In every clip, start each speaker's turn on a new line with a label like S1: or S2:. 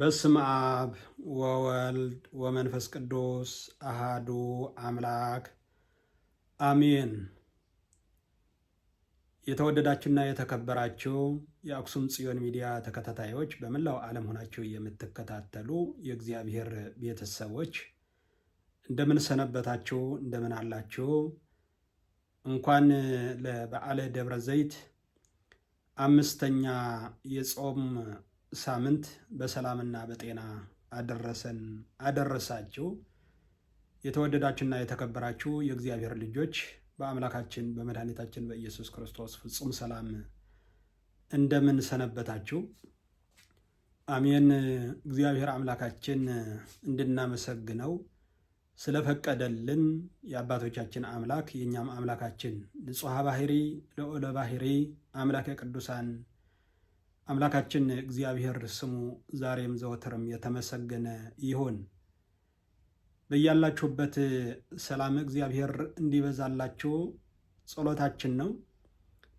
S1: በስም አብ ወወልድ ወመንፈስ ቅዱስ አሃዱ አምላክ አሜን። የተወደዳችሁና የተከበራችሁ የአክሱም ጽዮን ሚዲያ ተከታታዮች በመላው ዓለም ሆናችሁ የምትከታተሉ የእግዚአብሔር ቤተሰቦች እንደምን ሰነበታችሁ? እንደምን አላችሁ? እንኳን ለበዓለ ደብረ ዘይት አምስተኛ የጾም ሳምንት በሰላምና በጤና አደረሰን አደረሳችሁ። የተወደዳችሁና የተከበራችሁ የእግዚአብሔር ልጆች በአምላካችን በመድኃኒታችን በኢየሱስ ክርስቶስ ፍጹም ሰላም እንደምን ሰነበታችሁ? አሜን። እግዚአብሔር አምላካችን እንድናመሰግነው ስለፈቀደልን የአባቶቻችን አምላክ የእኛም አምላካችን ንጹሐ ባህሪ ለኦለ ባህሪ አምላክ የቅዱሳን አምላካችን እግዚአብሔር ስሙ ዛሬም ዘወትርም የተመሰገነ ይሁን። በያላችሁበት ሰላም እግዚአብሔር እንዲበዛላችሁ ጸሎታችን ነው።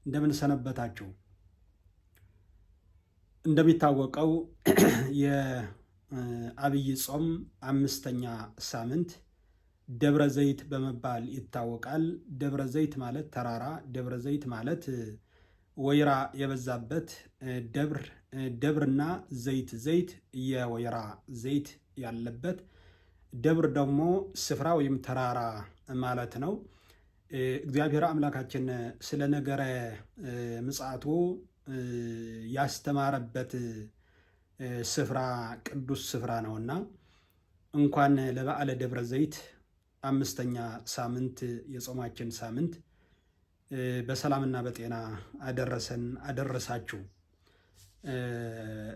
S1: እንደምን ሰነበታችሁ? እንደሚታወቀው የአብይ ጾም አምስተኛ ሳምንት ደብረ ዘይት በመባል ይታወቃል። ደብረ ዘይት ማለት ተራራ፣ ደብረ ዘይት ማለት ወይራ የበዛበት ደብር ደብርና ዘይት ዘይት የወይራ ዘይት ያለበት ደብር ደግሞ ስፍራ ወይም ተራራ ማለት ነው። እግዚአብሔር አምላካችን ስለ ነገረ ምጽአቱ ያስተማረበት ስፍራ ቅዱስ ስፍራ ነውና እንኳን ለበዓለ ደብረ ዘይት አምስተኛ ሳምንት የጾማችን ሳምንት በሰላምና በጤና አደረሰን አደረሳችሁ።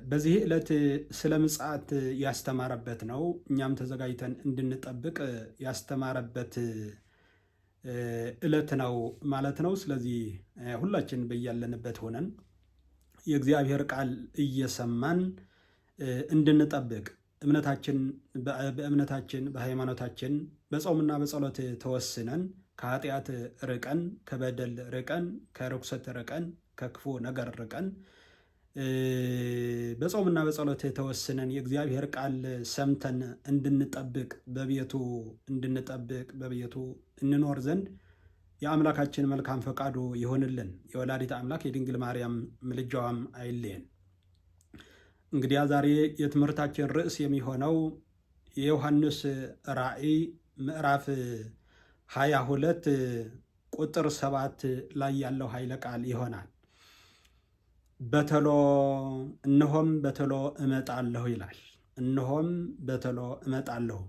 S1: በዚህ ዕለት ስለ ምጽአት ያስተማረበት ነው። እኛም ተዘጋጅተን እንድንጠብቅ ያስተማረበት ዕለት ነው ማለት ነው። ስለዚህ ሁላችን በያለንበት ሆነን የእግዚአብሔር ቃል እየሰማን እንድንጠብቅ እምነታችን በእምነታችን በሃይማኖታችን በጾምና በጸሎት ተወስነን ከኃጢአት ርቀን ከበደል ርቀን ከርኩሰት ርቀን ከክፉ ነገር ርቀን በጾምና በጸሎት የተወስነን የእግዚአብሔር ቃል ሰምተን እንድንጠብቅ በቤቱ እንድንጠብቅ በቤቱ እንኖር ዘንድ የአምላካችን መልካም ፈቃዱ ይሆንልን። የወላዲት አምላክ የድንግል ማርያም ምልጃዋም አይለየን። እንግዲያ ዛሬ የትምህርታችን ርዕስ የሚሆነው የዮሐንስ ራእይ ምዕራፍ ሁለት ቁጥር ሰባት ላይ ያለው ኃይለ ቃል ይሆናል። በተሎ እነሆም በተሎ እመጣለሁ ይላል። እነሆም በተሎ እመጣለሁ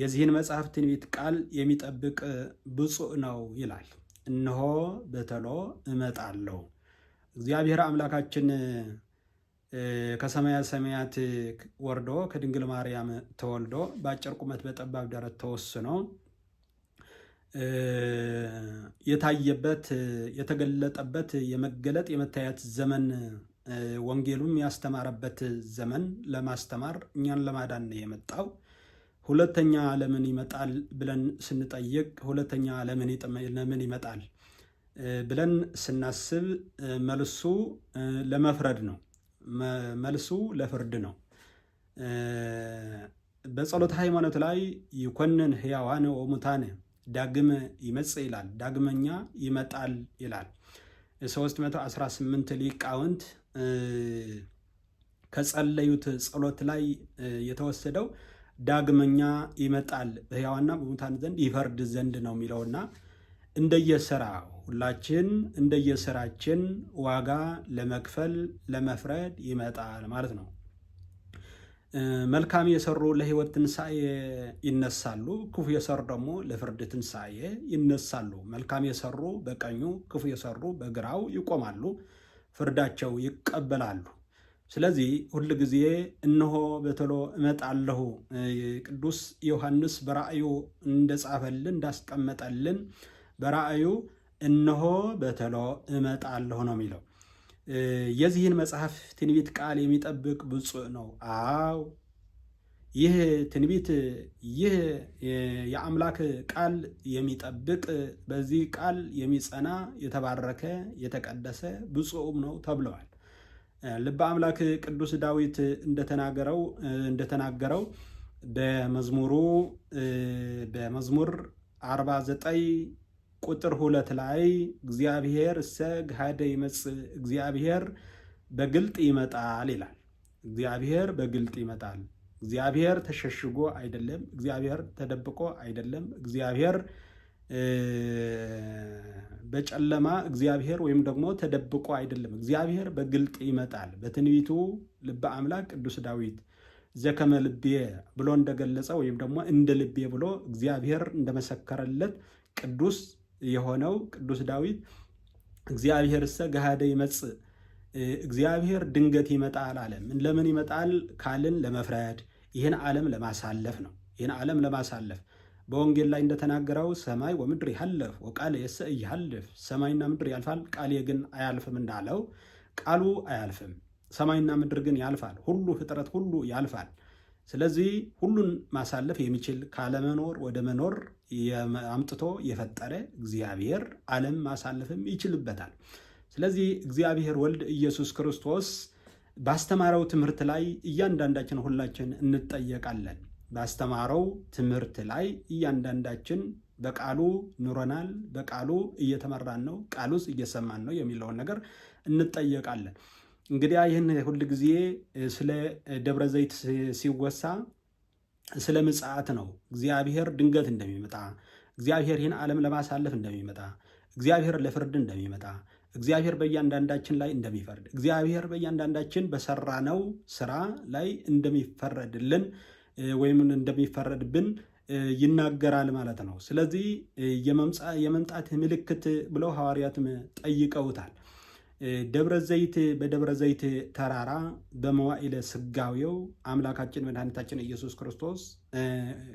S1: የዚህን መጽሐፍ ትንቢት ቃል የሚጠብቅ ብፁዕ ነው ይላል። እነሆ በተሎ እመጣለሁ። እግዚአብሔር አምላካችን ከሰማያ ሰማያት ወርዶ ከድንግል ማርያም ተወልዶ በአጭር ቁመት በጠባብ ደረት ተወስኖ የታየበት የተገለጠበት የመገለጥ የመታየት ዘመን ወንጌሉም ያስተማረበት ዘመን ለማስተማር እኛን ለማዳን ነው የመጣው። ሁለተኛ ለምን ይመጣል ብለን ስንጠይቅ፣ ሁለተኛ ለምን ይመጣል ብለን ስናስብ መልሱ ለመፍረድ ነው። መልሱ ለፍርድ ነው። በጸሎተ ሃይማኖት ላይ ይኮንን ሕያዋነ ወሙታነ ዳግመ ይመጽ ይላል፣ ዳግመኛ ይመጣል ይላል። 318 ሊቃውንት ከጸለዩት ጸሎት ላይ የተወሰደው ዳግመኛ ይመጣል በሕያዋንና በሙታን ዘንድ ይፈርድ ዘንድ ነው የሚለውና እንደየስራ ሁላችን እንደየስራችን ዋጋ ለመክፈል ለመፍረድ ይመጣል ማለት ነው። መልካም የሰሩ ለህይወት ትንሣኤ ይነሳሉ፣ ክፉ የሰሩ ደግሞ ለፍርድ ትንሣኤ ይነሳሉ። መልካም የሰሩ በቀኙ፣ ክፉ የሰሩ በግራው ይቆማሉ፣ ፍርዳቸው ይቀበላሉ። ስለዚህ ሁል ጊዜ እነሆ በቶሎ እመጣለሁ ቅዱስ ዮሐንስ በራእዩ እንደጻፈልን እንዳስቀመጠልን በራእዩ እነሆ በቶሎ እመጣለሁ ነው የሚለው። የዚህን መጽሐፍ ትንቢት ቃል የሚጠብቅ ብፁዕ ነው። አዎ ይህ ትንቢት ይህ የአምላክ ቃል የሚጠብቅ በዚህ ቃል የሚጸና የተባረከ የተቀደሰ ብፁዕም ነው ተብለዋል። ልበ አምላክ ቅዱስ ዳዊት እንደተናገረው እንደተናገረው በመዝሙሩ በመዝሙር 49 ቁጥር ሁለት ላይ እግዚአብሔር ሰግ ሀደ ይመጽእ እግዚአብሔር በግልጥ ይመጣል ይላል። እግዚአብሔር በግልጥ ይመጣል። እግዚአብሔር ተሸሽጎ አይደለም። እግዚአብሔር ተደብቆ አይደለም። እግዚአብሔር በጨለማ እግዚአብሔር ወይም ደግሞ ተደብቆ አይደለም። እግዚአብሔር በግልጥ ይመጣል። በትንቢቱ ልበ አምላክ ቅዱስ ዳዊት ዘከመ ልቤ ብሎ እንደገለጸ ወይም ደግሞ እንደ ልቤ ብሎ እግዚአብሔር እንደመሰከረለት ቅዱስ የሆነው ቅዱስ ዳዊት እግዚአብሔር እሰ ገሃደ ይመጽእ እግዚአብሔር ድንገት ይመጣል አለም ለምን ይመጣል ካልን ለመፍረድ ይህን ዓለም ለማሳለፍ ነው። ይህን ዓለም ለማሳለፍ በወንጌል ላይ እንደተናገረው ሰማይ ወምድር ይሐልፍ ወቃል የሰ ይሐልፍ፣ ሰማይና ምድር ያልፋል ቃሌ ግን አያልፍም እንዳለው ቃሉ አያልፍም። ሰማይና ምድር ግን ያልፋል። ሁሉ ፍጥረት ሁሉ ያልፋል። ስለዚህ ሁሉን ማሳለፍ የሚችል ካለመኖር ወደ መኖር አምጥቶ የፈጠረ እግዚአብሔር ዓለም ማሳለፍም ይችልበታል። ስለዚህ እግዚአብሔር ወልድ ኢየሱስ ክርስቶስ ባስተማረው ትምህርት ላይ እያንዳንዳችን ሁላችን እንጠየቃለን። ባስተማረው ትምህርት ላይ እያንዳንዳችን በቃሉ ኑረናል፣ በቃሉ እየተመራን ነው፣ ቃሉስ እየሰማን ነው የሚለውን ነገር እንጠየቃለን። እንግዲያ ይህን ሁል ጊዜ ስለ ደብረ ዘይት ሲወሳ ስለ ምጽአት ነው። እግዚአብሔር ድንገት እንደሚመጣ፣ እግዚአብሔር ይህን ዓለም ለማሳለፍ እንደሚመጣ፣ እግዚአብሔር ለፍርድ እንደሚመጣ፣ እግዚአብሔር በእያንዳንዳችን ላይ እንደሚፈርድ፣ እግዚአብሔር በእያንዳንዳችን በሰራነው ስራ ላይ እንደሚፈረድልን ወይም እንደሚፈረድብን ይናገራል ማለት ነው። ስለዚህ የመምጣት ምልክት ብለው ሐዋርያትም ጠይቀውታል። ደብረ ዘይት በደብረ ዘይት ተራራ በመዋዕለ ስጋዌው አምላካችን መድኃኒታችን ኢየሱስ ክርስቶስ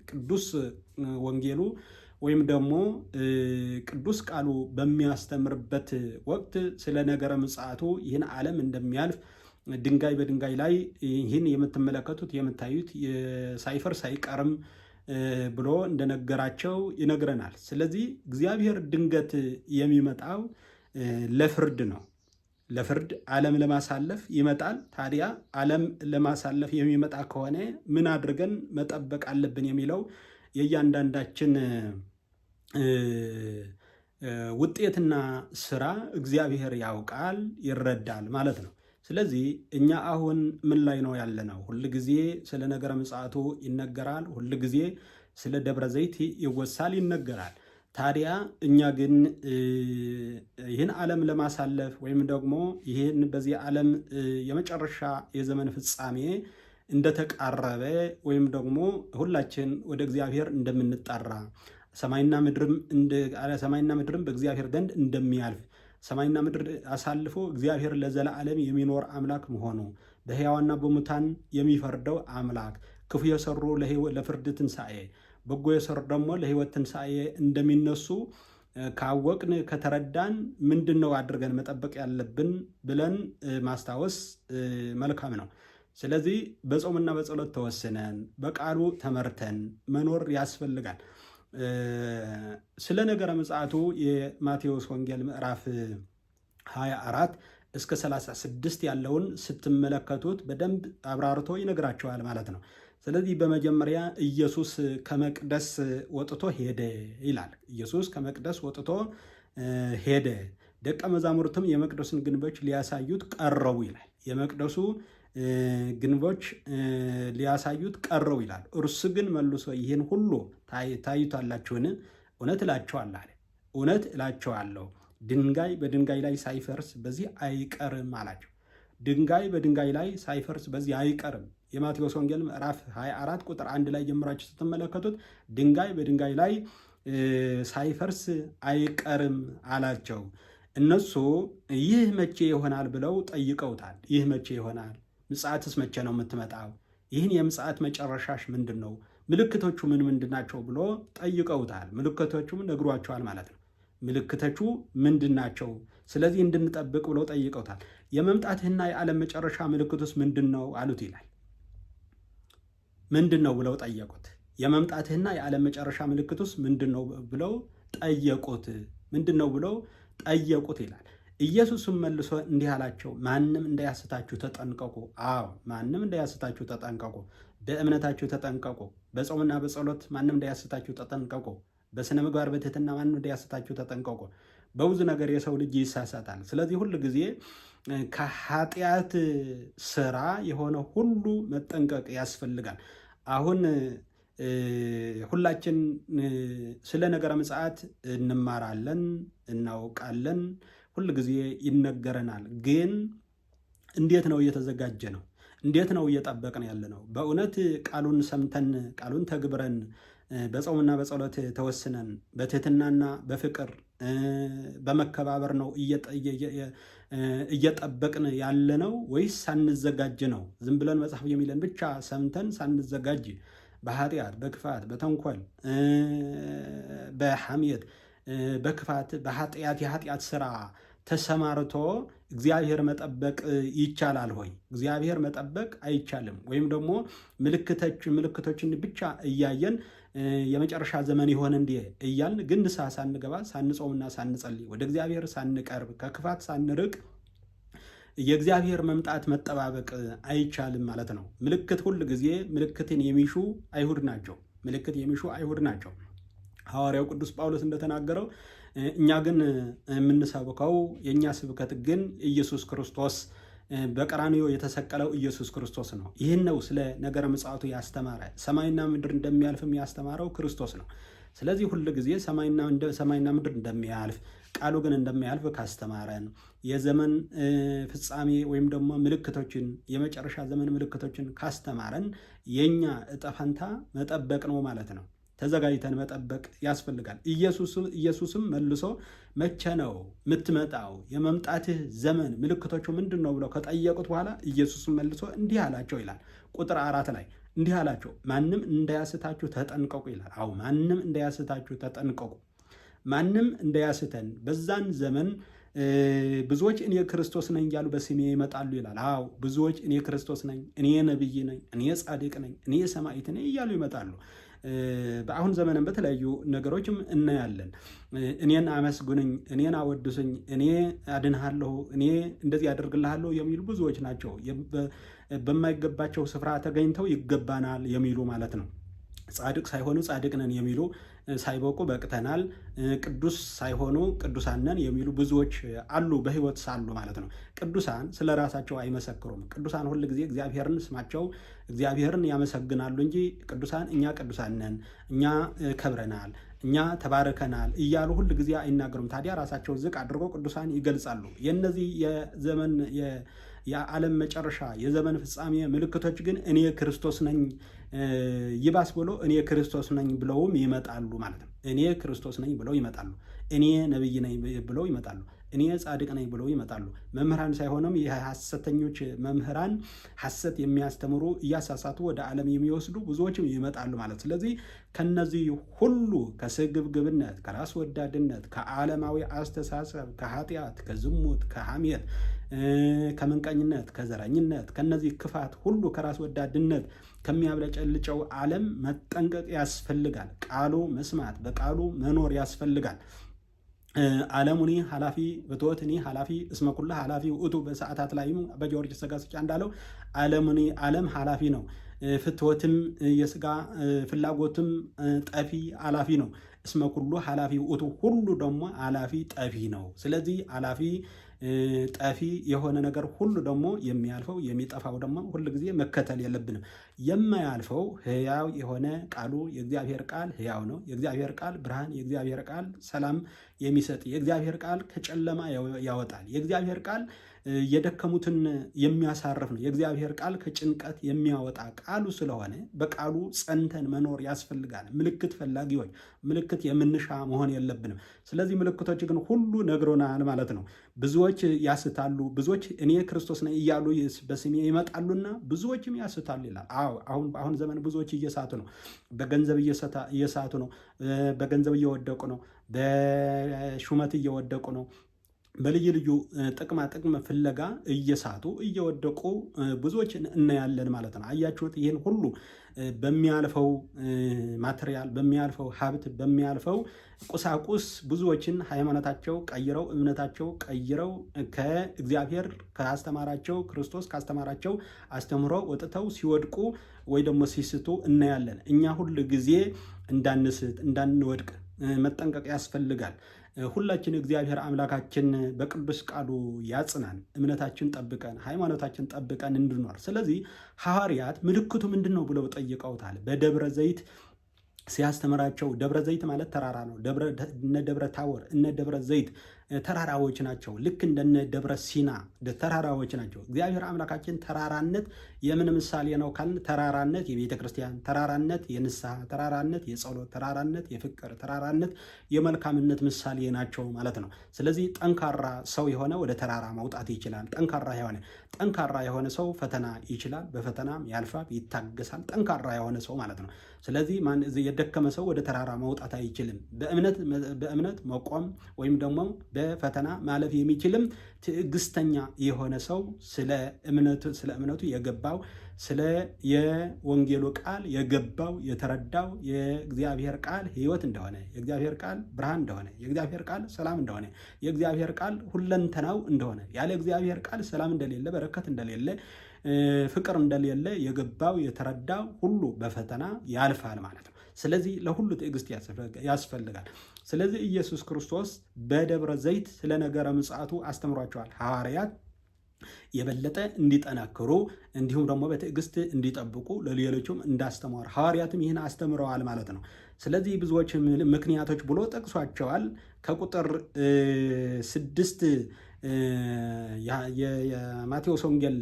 S1: ቅዱስ ወንጌሉ ወይም ደግሞ ቅዱስ ቃሉ በሚያስተምርበት ወቅት ስለ ነገረ ምጽአቱ ይህን ዓለም እንደሚያልፍ ድንጋይ በድንጋይ ላይ ይህን የምትመለከቱት የምታዩት ሳይፈር ሳይቀርም ብሎ እንደነገራቸው ይነግረናል። ስለዚህ እግዚአብሔር ድንገት የሚመጣው ለፍርድ ነው። ለፍርድ ዓለም ለማሳለፍ ይመጣል። ታዲያ ዓለም ለማሳለፍ የሚመጣ ከሆነ ምን አድርገን መጠበቅ አለብን የሚለው የእያንዳንዳችን ውጤትና ስራ እግዚአብሔር ያውቃል ይረዳል ማለት ነው። ስለዚህ እኛ አሁን ምን ላይ ነው ያለነው? ሁል ጊዜ ስለ ነገረ ምጽአቱ ይነገራል። ሁል ጊዜ ስለ ደብረ ዘይት ይወሳል፣ ይነገራል። ታዲያ እኛ ግን ይህን ዓለም ለማሳለፍ ወይም ደግሞ ይህን በዚህ ዓለም የመጨረሻ የዘመን ፍጻሜ እንደተቃረበ ወይም ደግሞ ሁላችን ወደ እግዚአብሔር እንደምንጠራ ሰማይና ምድርም ሰማይና ምድርም በእግዚአብሔር ዘንድ እንደሚያልፍ ሰማይና ምድር አሳልፎ እግዚአብሔር ለዘላለም የሚኖር አምላክ መሆኑ በሕያዋና በሙታን የሚፈርደው አምላክ ክፉ የሰሩ ለፍርድ ትንሣኤ በጎ የሰሩ ደግሞ ለህይወት ትንሣኤ እንደሚነሱ ካወቅን ከተረዳን ምንድን ነው አድርገን መጠበቅ ያለብን ብለን ማስታወስ መልካም ነው። ስለዚህ በጾምና በጸሎት ተወስነን በቃሉ ተመርተን መኖር ያስፈልጋል። ስለ ነገረ ምጽአቱ የማቴዎስ ወንጌል ምዕራፍ 24 እስከ 36 ያለውን ስትመለከቱት በደንብ አብራርቶ ይነግራቸዋል ማለት ነው። ስለዚህ በመጀመሪያ ኢየሱስ ከመቅደስ ወጥቶ ሄደ ይላል። ኢየሱስ ከመቅደስ ወጥቶ ሄደ፣ ደቀ መዛሙርትም የመቅደሱን ግንቦች ሊያሳዩት ቀረቡ ይላል። የመቅደሱ ግንቦች ሊያሳዩት ቀረው ይላል። እርሱ ግን መልሶ ይህን ሁሉ ታዩታላችሁን? እውነት እላችኋለሁ አለ። እውነት እላችኋለሁ ድንጋይ በድንጋይ ላይ ሳይፈርስ በዚህ አይቀርም አላቸው። ድንጋይ በድንጋይ ላይ ሳይፈርስ በዚህ አይቀርም የማቴዎስ ወንጌል ምዕራፍ 24 ቁጥር አንድ ላይ ጀምራችሁ ስትመለከቱት ድንጋይ በድንጋይ ላይ ሳይፈርስ አይቀርም አላቸው። እነሱ ይህ መቼ ይሆናል ብለው ጠይቀውታል። ይህ መቼ ይሆናል? ምጽአትስ መቼ ነው የምትመጣው? ይህን የምጽአት መጨረሻሽ ምንድን ነው? ምልክቶቹ ምን ምንድን ናቸው ብሎ ጠይቀውታል። ምልክቶቹም ነግሯቸዋል ማለት ነው። ምልክቶቹ ምንድን ናቸው? ስለዚህ እንድንጠብቅ ብለው ጠይቀውታል። የመምጣትህና የዓለም መጨረሻ ምልክቱስ ምንድን ነው አሉት ይላል ምንድን ነው ብለው ጠየቁት። የመምጣትህና የዓለም መጨረሻ ምልክቱስ ምንድን ነው ብለው ጠየቁት። ምንድን ነው ብለው ጠየቁት ይላል። ኢየሱስም መልሶ እንዲህ አላቸው፣ ማንም እንዳያስታችሁ ተጠንቀቁ። አዎ ማንም እንዳያስታችሁ ተጠንቀቁ። በእምነታችሁ ተጠንቀቁ። በጾምና በጸሎት ማንም እንዳያስታችሁ ተጠንቀቁ። በሥነ ምግባር በትህትና ማንም እንዳያስታችሁ ተጠንቀቁ። በብዙ ነገር የሰው ልጅ ይሳሳታል። ስለዚህ ሁል ጊዜ ከኃጢአት ስራ የሆነ ሁሉ መጠንቀቅ ያስፈልጋል። አሁን ሁላችን ስለ ነገረ ምጽአት እንማራለን፣ እናውቃለን፣ ሁል ጊዜ ይነገረናል። ግን እንዴት ነው እየተዘጋጀ ነው? እንዴት ነው እየጠበቅን ያለ ነው? በእውነት ቃሉን ሰምተን ቃሉን ተግብረን በጾምና በጸሎት ተወስነን በትህትናና በፍቅር በመከባበር ነው እየጠበቅን ያለ ነው ወይስ ሳንዘጋጅ ነው? ዝም ብለን መጽሐፍ የሚለን ብቻ ሰምተን ሳንዘጋጅ በኃጢአት፣ በክፋት፣ በተንኮል፣ በሐሜት፣ በክፋት፣ በኃጢአት የኃጢአት ስራ ተሰማርቶ እግዚአብሔር መጠበቅ ይቻላል ሆይ? እግዚአብሔር መጠበቅ አይቻልም? ወይም ደግሞ ምልክቶች ምልክቶችን ብቻ እያየን የመጨረሻ ዘመን ይሆን እንዲህ እያልን ግን ንስሐ ሳንገባ ሳንጾምና ሳንጸልይ ወደ እግዚአብሔር ሳንቀርብ ከክፋት ሳንርቅ የእግዚአብሔር መምጣት መጠባበቅ አይቻልም ማለት ነው። ምልክት ሁል ጊዜ ምልክትን የሚሹ አይሁድ ናቸው። ምልክት የሚሹ አይሁድ ናቸው። ሐዋርያው ቅዱስ ጳውሎስ እንደተናገረው እኛ ግን የምንሰብከው የእኛ ስብከት ግን ኢየሱስ ክርስቶስ በቀራንዮ የተሰቀለው ኢየሱስ ክርስቶስ ነው። ይህን ነው ስለ ነገረ ምጽአቱ ያስተማረ። ሰማይና ምድር እንደሚያልፍም ያስተማረው ክርስቶስ ነው። ስለዚህ ሁል ጊዜ ሰማይና ምድር እንደሚያልፍ ቃሉ ግን እንደሚያልፍ ካስተማረን የዘመን ፍጻሜ ወይም ደግሞ ምልክቶችን የመጨረሻ ዘመን ምልክቶችን ካስተማረን የእኛ እጣ መጠበቅ ነው ማለት ነው። ተዘጋጅተን መጠበቅ ያስፈልጋል። ኢየሱስም መልሶ መቼ ነው የምትመጣው? የመምጣትህ ዘመን ምልክቶቹ ምንድን ነው ብለው ከጠየቁት በኋላ ኢየሱስም መልሶ እንዲህ አላቸው ይላል ቁጥር አራት ላይ እንዲህ አላቸው ማንም እንዳያስታችሁ ተጠንቀቁ ይላል። አዎ ማንም እንዳያስታችሁ ተጠንቀቁ። ማንም እንዳያስተን በዛን ዘመን ብዙዎች እኔ ክርስቶስ ነኝ እያሉ በስሜ ይመጣሉ ይላል። አዎ ብዙዎች እኔ ክርስቶስ ነኝ፣ እኔ ነቢይ ነኝ፣ እኔ ጻድቅ ነኝ፣ እኔ ሰማዕት ነኝ እያሉ ይመጣሉ። በአሁን ዘመንም በተለያዩ ነገሮችም እናያለን። እኔን አመስግኑኝ፣ እኔን አወድሱኝ፣ እኔ አድንሃለሁ፣ እኔ እንደዚህ አደርግልሃለሁ የሚሉ ብዙዎች ናቸው። በማይገባቸው ስፍራ ተገኝተው ይገባናል የሚሉ ማለት ነው። ጻድቅ ሳይሆኑ ጻድቅ ነን የሚሉ ሳይበቁ በቅተናል፣ ቅዱስ ሳይሆኑ ቅዱሳንን የሚሉ ብዙዎች አሉ፣ በህይወት ሳሉ ማለት ነው። ቅዱሳን ስለ ራሳቸው አይመሰክሩም። ቅዱሳን ሁል ጊዜ እግዚአብሔርን ስማቸው እግዚአብሔርን ያመሰግናሉ እንጂ ቅዱሳን እኛ ቅዱሳንን እኛ ከብረናል፣ እኛ ተባርከናል እያሉ ሁል ጊዜ አይናገሩም። ታዲያ ራሳቸው ዝቅ አድርጎ ቅዱሳን ይገልጻሉ። የእነዚህ የዘመን የዓለም መጨረሻ የዘመን ፍጻሜ ምልክቶች ግን እኔ ክርስቶስ ነኝ ይባስ ብሎ እኔ ክርስቶስ ነኝ ብለውም ይመጣሉ ማለት ነው። እኔ ክርስቶስ ነኝ ብለው ይመጣሉ። እኔ ነብይ ነኝ ብለው ይመጣሉ። እኔ ጻድቅ ነኝ ብለው ይመጣሉ። መምህራን ሳይሆንም የሐሰተኞች መምህራን ሐሰት የሚያስተምሩ እያሳሳቱ ወደ ዓለም የሚወስዱ ብዙዎችም ይመጣሉ ማለት። ስለዚህ ከነዚህ ሁሉ ከስግብግብነት፣ ከራስ ወዳድነት፣ ከዓለማዊ አስተሳሰብ፣ ከኃጢአት፣ ከዝሙት፣ ከሐሜት ከምንቀኝነት፣ ከዘረኝነት፣ ከነዚህ ክፋት ሁሉ ከራስ ወዳድነት ከሚያብለጨልጨው ዓለም መጠንቀቅ ያስፈልጋል። ቃሉ መስማት፣ በቃሉ መኖር ያስፈልጋል። ዓለሙኒ ኃላፊ እቶትኒ ኃላፊ እስመኩላ ኃላፊ ውእቱ በሰዓታት ላይም በጊዮርጊስ ዘጋስጫ እንዳለው ዓለሙኒ ዓለም ኃላፊ ነው። ፍትወትም የስጋ ፍላጎትም ጠፊ አላፊ ነው። እስመ ኩሉ ኃላፊ ውእቱ ሁሉ ደግሞ አላፊ ጠፊ ነው። ስለዚህ አላፊ ጠፊ የሆነ ነገር ሁሉ ደግሞ የሚያልፈው የሚጠፋው ደግሞ ሁል ጊዜ መከተል የለብንም። የማያልፈው ህያው የሆነ ቃሉ የእግዚአብሔር ቃል ህያው ነው። የእግዚአብሔር ቃል ብርሃን፣ የእግዚአብሔር ቃል ሰላም የሚሰጥ የእግዚአብሔር ቃል ከጨለማ ያወጣል። የእግዚአብሔር ቃል የደከሙትን የሚያሳርፍ ነው። የእግዚአብሔር ቃል ከጭንቀት የሚያወጣ ቃሉ ስለሆነ በቃሉ ጸንተን መኖር ያስፈልጋል። ምልክት ፈላጊዎች ምልክት የምንሻ መሆን የለብንም። ስለዚህ ምልክቶች ግን ሁሉ ነግሮናል ማለት ነው። ብዙዎች ያስታሉ፣ ብዙዎች እኔ ክርስቶስ ነኝ እያሉ በስሜ ይመጣሉና ብዙዎችም ያስታሉ ይላል። አሁን በአሁን ዘመን ብዙዎች እየሳቱ ነው። በገንዘብ እየሳቱ ነው። በገንዘብ እየወደቁ ነው። በሹመት እየወደቁ ነው። በልዩ ልዩ ጥቅማ ጥቅም ፍለጋ እየሳቱ እየወደቁ ብዙዎች እናያለን ማለት ነው። አያችሁት? ይህን ሁሉ በሚያልፈው ማቴሪያል፣ በሚያልፈው ሀብት፣ በሚያልፈው ቁሳቁስ ብዙዎችን ሃይማኖታቸው ቀይረው እምነታቸው ቀይረው ከእግዚአብሔር ካስተማራቸው ክርስቶስ ካስተማራቸው አስተምሮ ወጥተው ሲወድቁ ወይ ደግሞ ሲስቱ እናያለን። እኛ ሁል ጊዜ እንዳንስት እንዳንወድቅ መጠንቀቅ ያስፈልጋል። ሁላችን እግዚአብሔር አምላካችን በቅዱስ ቃሉ ያጽናን። እምነታችን ጠብቀን ሃይማኖታችን ጠብቀን እንድኖር። ስለዚህ ሐዋርያት ምልክቱ ምንድን ነው ብለው ጠይቀውታል። በደብረ ዘይት ሲያስተምራቸው ደብረ ዘይት ማለት ተራራ ነው። እነ ደብረ ታቦር እነ ደብረ ዘይት ተራራዎች ናቸው። ልክ እንደነ ደብረ ሲና ተራራዎች ናቸው። እግዚአብሔር አምላካችን ተራራነት የምን ምሳሌ ነው ካልን ተራራነት የቤተ ክርስቲያን ተራራነት፣ የንስሐ ተራራነት፣ የጸሎት ተራራነት፣ የፍቅር ተራራነት፣ የመልካምነት ምሳሌ ናቸው ማለት ነው። ስለዚህ ጠንካራ ሰው የሆነ ወደ ተራራ መውጣት ይችላል። ጠንካራ የሆነ ጠንካራ የሆነ ሰው ፈተና ይችላል፣ በፈተናም ያልፋል፣ ይታገሳል። ጠንካራ የሆነ ሰው ማለት ነው። ስለዚህ የደከመ ሰው ወደ ተራራ መውጣት አይችልም። በእምነት መቆም ወይም ደግሞ በፈተና ማለፍ የሚችልም ትዕግስተኛ የሆነ ሰው ስለ እምነቱ ስለ እምነቱ የገባው ስለ የወንጌሉ ቃል የገባው የተረዳው የእግዚአብሔር ቃል ሕይወት እንደሆነ የእግዚአብሔር ቃል ብርሃን እንደሆነ የእግዚአብሔር ቃል ሰላም እንደሆነ የእግዚአብሔር ቃል ሁለንተናው እንደሆነ ያለ እግዚአብሔር ቃል ሰላም እንደሌለ በረከት እንደሌለ ፍቅር እንደሌለ የገባው የተረዳው ሁሉ በፈተና ያልፋል ማለት ነው። ስለዚህ ለሁሉ ትዕግስት ያስፈልጋል። ስለዚህ ኢየሱስ ክርስቶስ በደብረ ዘይት ስለ ነገረ ምጽአቱ አስተምሯቸዋል ሐዋርያት የበለጠ እንዲጠናክሩ እንዲሁም ደግሞ በትዕግስት እንዲጠብቁ ለሌሎችም እንዳስተማሩ ሐዋርያትም ይህን አስተምረዋል ማለት ነው። ስለዚህ ብዙዎች ምክንያቶች ብሎ ጠቅሷቸዋል። ከቁጥር ስድስት የማቴዎስ ወንጌል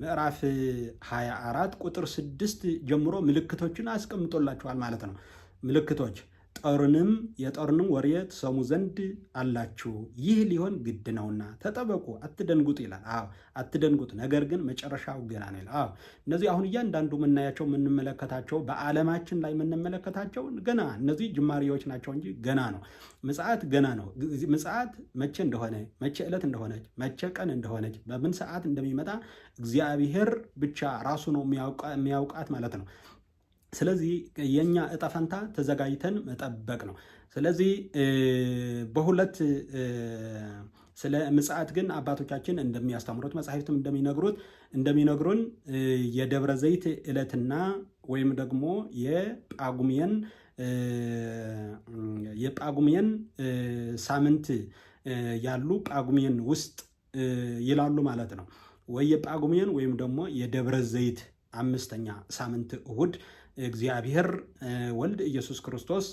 S1: ምዕራፍ 24 ቁጥር ስድስት ጀምሮ ምልክቶችን አስቀምጦላችኋል ማለት ነው። ምልክቶች ጦርንም የጦርንም ወሬ ትሰሙ ዘንድ አላችሁ፣ ይህ ሊሆን ግድ ነውና ተጠበቁ፣ አትደንጉጡ ይላል። አዎ አትደንጉጥ፣ ነገር ግን መጨረሻው ገና ነው ይላል። አዎ እነዚህ አሁን እያንዳንዱ የምናያቸው የምንመለከታቸው፣ በዓለማችን ላይ የምንመለከታቸው ገና እነዚህ ጅማሬዎች ናቸው እንጂ ገና ነው። ምጽአት ገና ነው። ምጽአት መቼ እንደሆነ መቼ ዕለት እንደሆነች መቼ ቀን እንደሆነች በምን ሰዓት እንደሚመጣ እግዚአብሔር ብቻ ራሱ ነው የሚያውቃት ማለት ነው። ስለዚህ የኛ እጣ ፈንታ ተዘጋጅተን መጠበቅ ነው። ስለዚህ በሁለት ስለ ምጽአት ግን አባቶቻችን እንደሚያስተምሩት መጽሐፍትም እንደሚነግሩት እንደሚነግሩን የደብረ ዘይት ዕለትና ወይም ደግሞ የጳጉሜን የጳጉሜን ሳምንት ያሉ ጳጉሜን ውስጥ ይላሉ ማለት ነው ወይ የጳጉሜን ወይም ደግሞ የደብረ ዘይት አምስተኛ ሳምንት እሁድ እግዚአብሔር ወልድ ኢየሱስ ክርስቶስ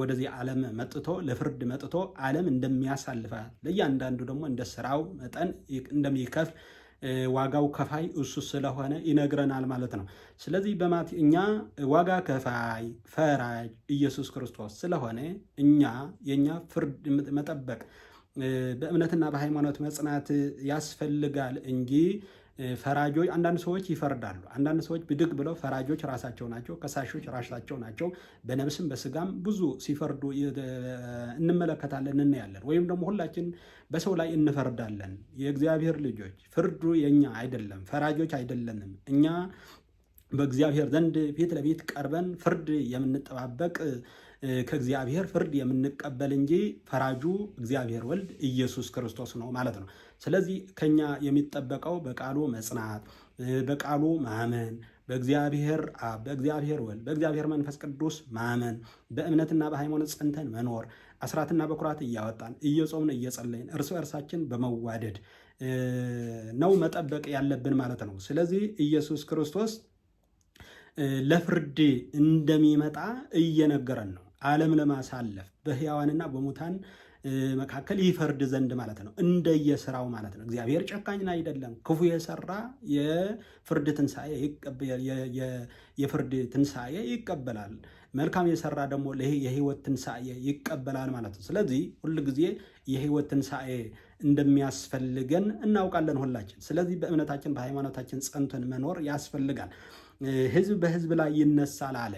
S1: ወደዚህ ዓለም መጥቶ ለፍርድ መጥቶ ዓለም እንደሚያሳልፋ ለእያንዳንዱ ደግሞ እንደ ስራው መጠን እንደሚከፍል ዋጋው ከፋይ እሱ ስለሆነ ይነግረናል ማለት ነው። ስለዚህ በማት እኛ ዋጋ ከፋይ ፈራጅ ኢየሱስ ክርስቶስ ስለሆነ እኛ የእኛ ፍርድ መጠበቅ በእምነትና በሃይማኖት መጽናት ያስፈልጋል እንጂ ፈራጆች አንዳንድ ሰዎች ይፈርዳሉ። አንዳንድ ሰዎች ብድግ ብለው ፈራጆች ራሳቸው ናቸው፣ ከሳሾች ራሳቸው ናቸው፣ በነብስም በስጋም ብዙ ሲፈርዱ እንመለከታለን እናያለን። ወይም ደግሞ ሁላችን በሰው ላይ እንፈርዳለን። የእግዚአብሔር ልጆች ፍርዱ የኛ አይደለም፣ ፈራጆች አይደለንም እኛ በእግዚአብሔር ዘንድ ፊት ለፊት ቀርበን ፍርድ የምንጠባበቅ ከእግዚአብሔር ፍርድ የምንቀበል እንጂ ፈራጁ እግዚአብሔር ወልድ ኢየሱስ ክርስቶስ ነው ማለት ነው። ስለዚህ ከኛ የሚጠበቀው በቃሉ መጽናት፣ በቃሉ ማመን፣ በእግዚአብሔር አብ፣ በእግዚአብሔር ወልድ፣ በእግዚአብሔር መንፈስ ቅዱስ ማመን፣ በእምነትና በሃይማኖት ጸንተን መኖር፣ አስራትና በኩራት እያወጣን እየጾምን እየጸለይን እርስ በእርሳችን በመዋደድ ነው መጠበቅ ያለብን ማለት ነው። ስለዚህ ኢየሱስ ክርስቶስ ለፍርድ እንደሚመጣ እየነገረን ነው። ዓለም ለማሳለፍ በሕያዋንና በሙታን መካከል ይፈርድ ዘንድ ማለት ነው። እንደየስራው ማለት ነው። እግዚአብሔር ጨካኝን አይደለም። ክፉ የሰራ የፍርድ ትንሣኤ የፍርድ ትንሣኤ ይቀበላል። መልካም የሰራ ደግሞ የህይወት ትንሣኤ ይቀበላል ማለት ነው። ስለዚህ ሁል ጊዜ የህይወት ትንሣኤ እንደሚያስፈልገን እናውቃለን ሁላችን። ስለዚህ በእምነታችን በሃይማኖታችን ጸንተን መኖር ያስፈልጋል። ህዝብ በህዝብ ላይ ይነሳል አለ።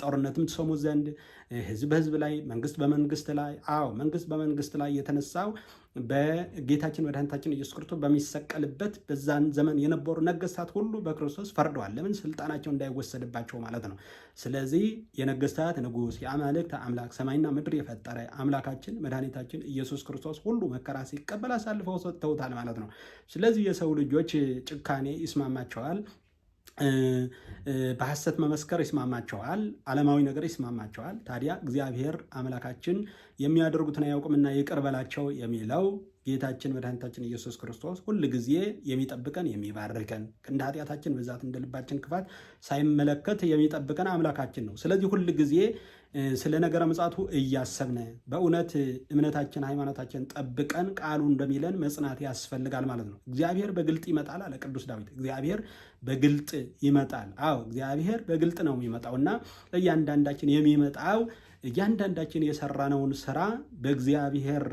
S1: ጦርነትም ትሰሙ ዘንድ ህዝብ በህዝብ ላይ፣ መንግስት በመንግስት ላይ። አዎ መንግስት በመንግስት ላይ የተነሳው በጌታችን መድኃኒታችን ኢየሱስ ክርስቶስ በሚሰቀልበት በዛን ዘመን የነበሩ ነገስታት ሁሉ በክርስቶስ ፈርደዋል። ለምን? ስልጣናቸው እንዳይወሰድባቸው ማለት ነው። ስለዚህ የነገስታት ንጉስ የአማልክት አምላክ ሰማይና ምድር የፈጠረ አምላካችን መድኃኒታችን ኢየሱስ ክርስቶስ ሁሉ መከራ ሲቀበል አሳልፈው ሰጥተውታል ማለት ነው። ስለዚህ የሰው ልጆች ጭካኔ ይስማማቸዋል። በሐሰት መመስከር ይስማማቸዋል፣ ዓለማዊ ነገር ይስማማቸዋል። ታዲያ እግዚአብሔር አምላካችን የሚያደርጉትን አያውቅምና ይቅር በላቸው የሚለው ጌታችን መድኃኒታችን ኢየሱስ ክርስቶስ ሁል ጊዜ የሚጠብቀን የሚባርከን እንደ ኃጢአታችን ብዛት እንደ ልባችን ክፋት ሳይመለከት የሚጠብቀን አምላካችን ነው። ስለዚህ ሁል ጊዜ ስለ ነገረ ምጽአቱ እያሰብነ በእውነት እምነታችን ሃይማኖታችን ጠብቀን ቃሉ እንደሚለን መጽናት ያስፈልጋል ማለት ነው። እግዚአብሔር በግልጥ ይመጣል አለ ቅዱስ ዳዊት። እግዚአብሔር በግልጥ ይመጣል። አዎ እግዚአብሔር በግልጥ ነው የሚመጣው እና ለእያንዳንዳችን የሚመጣው እያንዳንዳችን የሰራነውን ስራ በእግዚአብሔር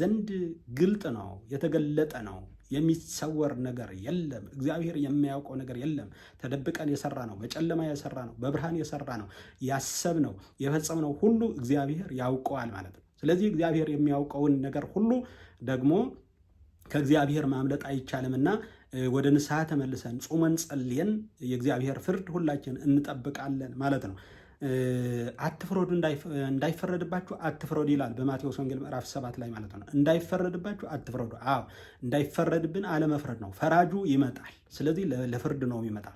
S1: ዘንድ ግልጥ ነው፣ የተገለጠ ነው። የሚሰወር ነገር የለም። እግዚአብሔር የሚያውቀው ነገር የለም። ተደብቀን የሰራ ነው፣ በጨለማ የሰራ ነው፣ በብርሃን የሰራ ነው፣ ያሰብ ነው፣ የፈጸም ነው ሁሉ እግዚአብሔር ያውቀዋል ማለት ነው። ስለዚህ እግዚአብሔር የሚያውቀውን ነገር ሁሉ ደግሞ ከእግዚአብሔር ማምለጥ አይቻልምና ወደ ንስሐ ተመልሰን ጾመን ጸልየን የእግዚአብሔር ፍርድ ሁላችን እንጠብቃለን ማለት ነው። አትፍረዱ እንዳይፈረድባችሁ አትፍረዱ ይላል በማቴዎስ ወንጌል ምዕራፍ ሰባት ላይ ማለት ነው። እንዳይፈረድባችሁ አትፍረዱ። አዎ እንዳይፈረድብን አለመፍረድ ነው። ፈራጁ ይመጣል። ስለዚህ ለፍርድ ነው የሚመጣ።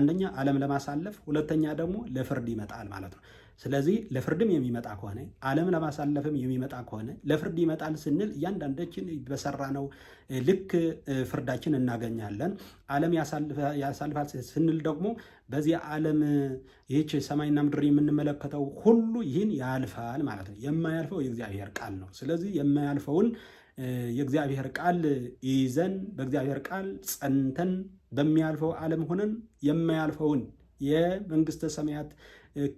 S1: አንደኛ ዓለም ለማሳለፍ፣ ሁለተኛ ደግሞ ለፍርድ ይመጣል ማለት ነው። ስለዚህ ለፍርድም የሚመጣ ከሆነ ዓለም ለማሳለፍም የሚመጣ ከሆነ ለፍርድ ይመጣል ስንል እያንዳንዳችን በሰራነው ልክ ፍርዳችን እናገኛለን። ዓለም ያሳልፋል ስንል ደግሞ በዚህ ዓለም ይህች ሰማይና ምድር የምንመለከተው ሁሉ ይህን ያልፋል ማለት ነው። የማያልፈው የእግዚአብሔር ቃል ነው። ስለዚህ የማያልፈውን የእግዚአብሔር ቃል ይዘን በእግዚአብሔር ቃል ጸንተን በሚያልፈው ዓለም ሆነን የማያልፈውን የመንግስተ ሰማያት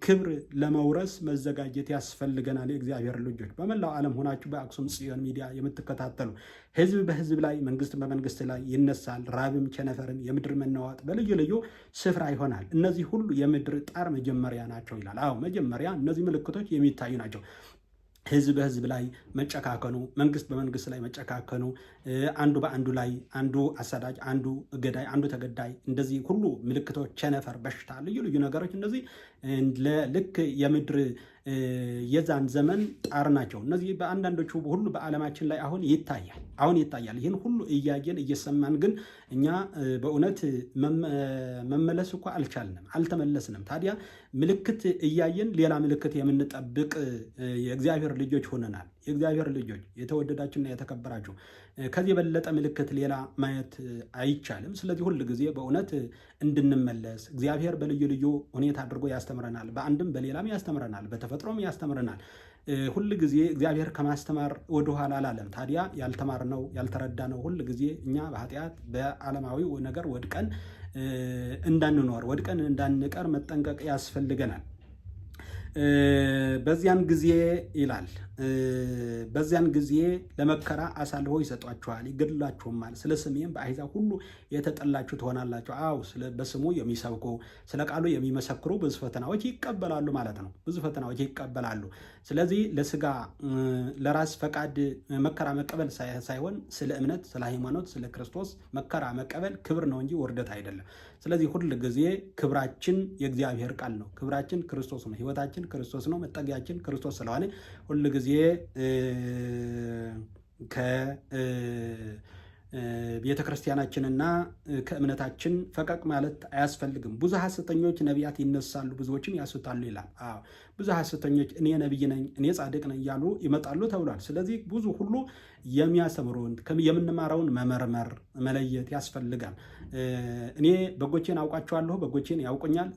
S1: ክብር ለመውረስ መዘጋጀት ያስፈልገናል። የእግዚአብሔር ልጆች በመላው ዓለም ሆናችሁ በአክሱም ጽዮን ሚዲያ የምትከታተሉ ህዝብ በህዝብ ላይ መንግስት በመንግስት ላይ ይነሳል። ራብም፣ ቸነፈርም፣ የምድር መነዋጥ በልዩ ልዩ ስፍራ ይሆናል። እነዚህ ሁሉ የምድር ጣር መጀመሪያ ናቸው ይላል። አዎ መጀመሪያ እነዚህ ምልክቶች የሚታዩ ናቸው። ህዝብ በህዝብ ላይ መጨካከኑ፣ መንግስት በመንግስት ላይ መጨካከኑ፣ አንዱ በአንዱ ላይ አንዱ አሳዳጅ፣ አንዱ ገዳይ፣ አንዱ ተገዳይ፣ እንደዚህ ሁሉ ምልክቶች፣ ቸነፈር፣ በሽታ፣ ልዩ ልዩ ነገሮች እነዚህ ልክ የምድር የዛን ዘመን ጣር ናቸው። እነዚህ በአንዳንዶቹ ሁሉ በዓለማችን ላይ አሁን ይታያል አሁን ይታያል። ይህን ሁሉ እያየን እየሰማን ግን እኛ በእውነት መመለስ እኮ አልቻልንም፣ አልተመለስንም። ታዲያ ምልክት እያየን ሌላ ምልክት የምንጠብቅ የእግዚአብሔር ልጆች ሆነናል። የእግዚአብሔር ልጆች የተወደዳችሁና የተከበራችሁ ከዚህ የበለጠ ምልክት ሌላ ማየት አይቻልም። ስለዚህ ሁል ጊዜ በእውነት እንድንመለስ እግዚአብሔር በልዩ ልዩ ሁኔታ አድርጎ ያስተምረናል። በአንድም በሌላም ያስተምረናል፣ በተፈጥሮም ያስተምረናል። ሁል ጊዜ እግዚአብሔር ከማስተማር ወደኋላ አላለም። ታዲያ ያልተማርነው ያልተረዳነው ሁል ጊዜ እኛ በኃጢአት በዓለማዊ ነገር ወድቀን እንዳንኖር ወድቀን እንዳንቀር መጠንቀቅ ያስፈልገናል። በዚያን ጊዜ ይላል በዚያን ጊዜ ለመከራ አሳልፈው ይሰጧችኋል፣ ይገድላችሁማል። ስለ ስሜም በአሕዛብ ሁሉ የተጠላችሁ ትሆናላችሁ። አዎ በስሙ የሚሰብኩ ስለ ቃሉ የሚመሰክሩ ብዙ ፈተናዎች ይቀበላሉ ማለት ነው። ብዙ ፈተናዎች ይቀበላሉ። ስለዚህ ለስጋ ለራስ ፈቃድ መከራ መቀበል ሳይሆን ስለ እምነት፣ ስለ ሃይማኖት፣ ስለ ክርስቶስ መከራ መቀበል ክብር ነው እንጂ ውርደት አይደለም። ስለዚህ ሁል ጊዜ ክብራችን የእግዚአብሔር ቃል ነው። ክብራችን ክርስቶስ ነው። ህይወታችን ክርስቶስ ነው። መጠጊያችን ክርስቶስ ስለሆነ ሁል ጊዜ ቤተ ክርስቲያናችንና ከእምነታችን ፈቀቅ ማለት አያስፈልግም። ብዙ ሐሰተኞች ነቢያት ይነሳሉ፣ ብዙዎችን ያስታሉ ይላል። ብዙ ሐሰተኞች እኔ ነቢይ ነኝ፣ እኔ ጻድቅ ነኝ እያሉ ይመጣሉ ተብሏል። ስለዚህ ብዙ ሁሉ የሚያስተምሩን የምንማረውን መመርመር መለየት ያስፈልጋል። እኔ በጎቼን አውቃቸዋለሁ፣ በጎቼን ያውቁኛል፣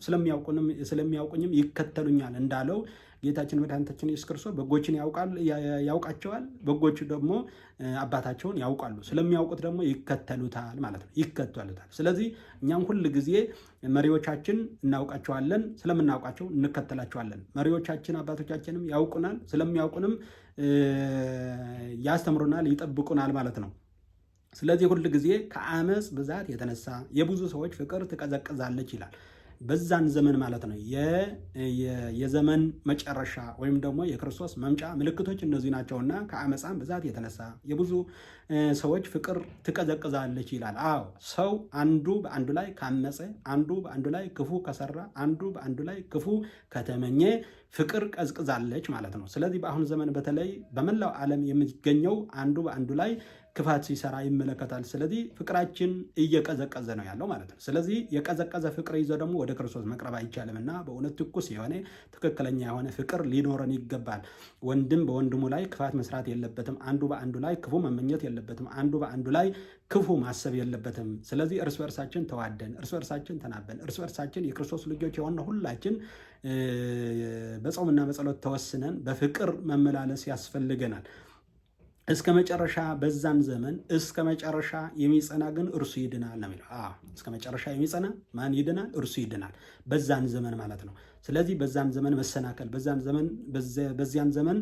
S1: ስለሚያውቁኝም ይከተሉኛል እንዳለው ጌታችን መድኃኒታችን ኢየሱስ ክርስቶስ በጎችን ያውቃቸዋል፣ በጎች ደግሞ አባታቸውን ያውቃሉ። ስለሚያውቁት ደግሞ ይከተሉታል ማለት ነው፣ ይከተሉታል። ስለዚህ እኛም ሁል ጊዜ መሪዎቻችን እናውቃቸዋለን፣ ስለምናውቃቸው እንከተላቸዋለን። መሪዎቻችን አባቶቻችንም ያውቁናል፣ ስለሚያውቁንም ያስተምሩናል፣ ይጠብቁናል ማለት ነው። ስለዚህ ሁል ጊዜ ከአመፅ ብዛት የተነሳ የብዙ ሰዎች ፍቅር ትቀዘቅዛለች ይላል። በዛን ዘመን ማለት ነው። የዘመን መጨረሻ ወይም ደግሞ የክርስቶስ መምጫ ምልክቶች እነዚህ ናቸውና ከአመፃን ብዛት የተነሳ የብዙ ሰዎች ፍቅር ትቀዘቅዛለች ይላል። አዎ ሰው አንዱ በአንዱ ላይ ካመፀ፣ አንዱ በአንዱ ላይ ክፉ ከሰራ፣ አንዱ በአንዱ ላይ ክፉ ከተመኘ ፍቅር ቀዝቅዛለች ማለት ነው። ስለዚህ በአሁኑ ዘመን በተለይ በመላው ዓለም የሚገኘው አንዱ በአንዱ ላይ ክፋት ሲሰራ ይመለከታል። ስለዚህ ፍቅራችን እየቀዘቀዘ ነው ያለው ማለት ነው። ስለዚህ የቀዘቀዘ ፍቅር ይዞ ደግሞ ወደ ክርስቶስ መቅረብ አይቻልም እና በእውነት ትኩስ የሆነ ትክክለኛ የሆነ ፍቅር ሊኖረን ይገባል። ወንድም በወንድሙ ላይ ክፋት መስራት የለበትም። አንዱ በአንዱ ላይ ክፉ መመኘት የለበትም። አንዱ በአንዱ ላይ ክፉ ማሰብ የለበትም። ስለዚህ እርስ በእርሳችን ተዋደን፣ እርስ በእርሳችን ተናበን፣ እርስ በርሳችን የክርስቶስ ልጆች የሆነ ሁላችን በጾምና በጸሎት ተወስነን በፍቅር መመላለስ ያስፈልገናል። እስከ መጨረሻ በዛን ዘመን እስከ መጨረሻ የሚጸና ግን እርሱ ይድናል ነው የሚለው። እስከ መጨረሻ የሚጸና ማን ይድናል? እርሱ ይድናል። በዛን ዘመን ማለት ነው። ስለዚህ በዛን ዘመን መሰናከል፣ በዛን ዘመን በዚያን ዘመን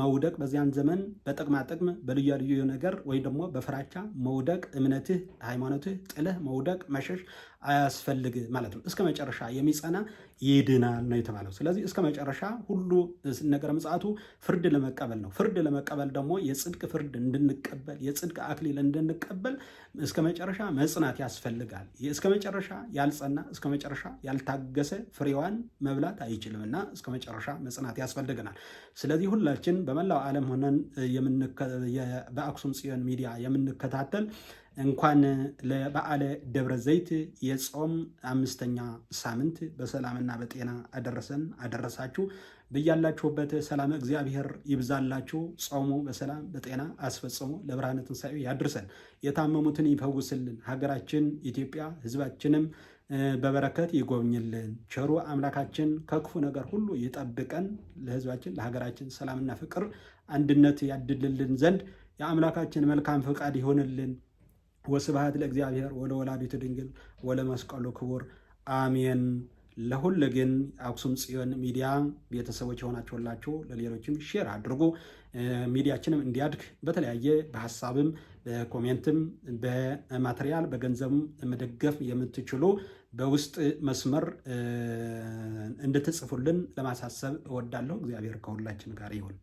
S1: መውደቅ፣ በዚያን ዘመን በጥቅማ ጥቅም በልዩ ልዩ ነገር ወይም ደግሞ በፍራቻ መውደቅ፣ እምነትህ ሃይማኖትህ ጥለህ መውደቅ፣ መሸሽ አያስፈልግ ማለት ነው። እስከ መጨረሻ የሚጸና ይድናል ነው የተባለው። ስለዚህ እስከ መጨረሻ ሁሉ ነገረ ምጽአቱ ፍርድ ለመቀበል ነው። ፍርድ ለመቀበል ደግሞ የጽድቅ ፍርድ እንድንቀበል የጽድቅ አክሊል እንድንቀበል እስከ መጨረሻ መጽናት ያስፈልጋል። እስከ መጨረሻ ያልጸና፣ እስከ መጨረሻ ያልታገሰ ፍሬዋን መብላት አይችልም እና እስከ መጨረሻ መጽናት ያስፈልገናል። ስለዚህ ሁላችን በመላው ዓለም ሆነን በአክሱም ጽዮን ሚዲያ የምንከታተል እንኳን ለበዓለ ደብረ ዘይት የጾም አምስተኛ ሳምንት በሰላምና በጤና አደረሰን አደረሳችሁ። በያላችሁበት ሰላም እግዚአብሔር ይብዛላችሁ። ጾሙ በሰላም በጤና አስፈጽሞ ለብርሃነ ትንሣኤው ያድርሰን። የታመሙትን ይፈውስልን። ሀገራችን ኢትዮጵያ ሕዝባችንም በበረከት ይጎብኝልን። ቸሩ አምላካችን ከክፉ ነገር ሁሉ ይጠብቀን። ለሕዝባችን ለሀገራችን ሰላምና ፍቅር አንድነት ያድልልን ዘንድ የአምላካችን መልካም ፈቃድ ይሆንልን። ወስብሐት ለእግዚአብሔር ወላዲቱ ድንግል ወለ መስቀሉ ክቡር አሜን። ለሁል ግን አክሱም ጽዮን ሚዲያ ቤተሰቦች የሆናችሁላችሁ ለሌሎችም ሼር አድርጉ። ሚዲያችንም እንዲያድግ በተለያየ በሀሳብም በኮሜንትም በማቴሪያል በገንዘብም መደገፍ የምትችሉ በውስጥ መስመር እንድትጽፉልን ለማሳሰብ እወዳለሁ። እግዚአብሔር ከሁላችን ጋር ይሁን።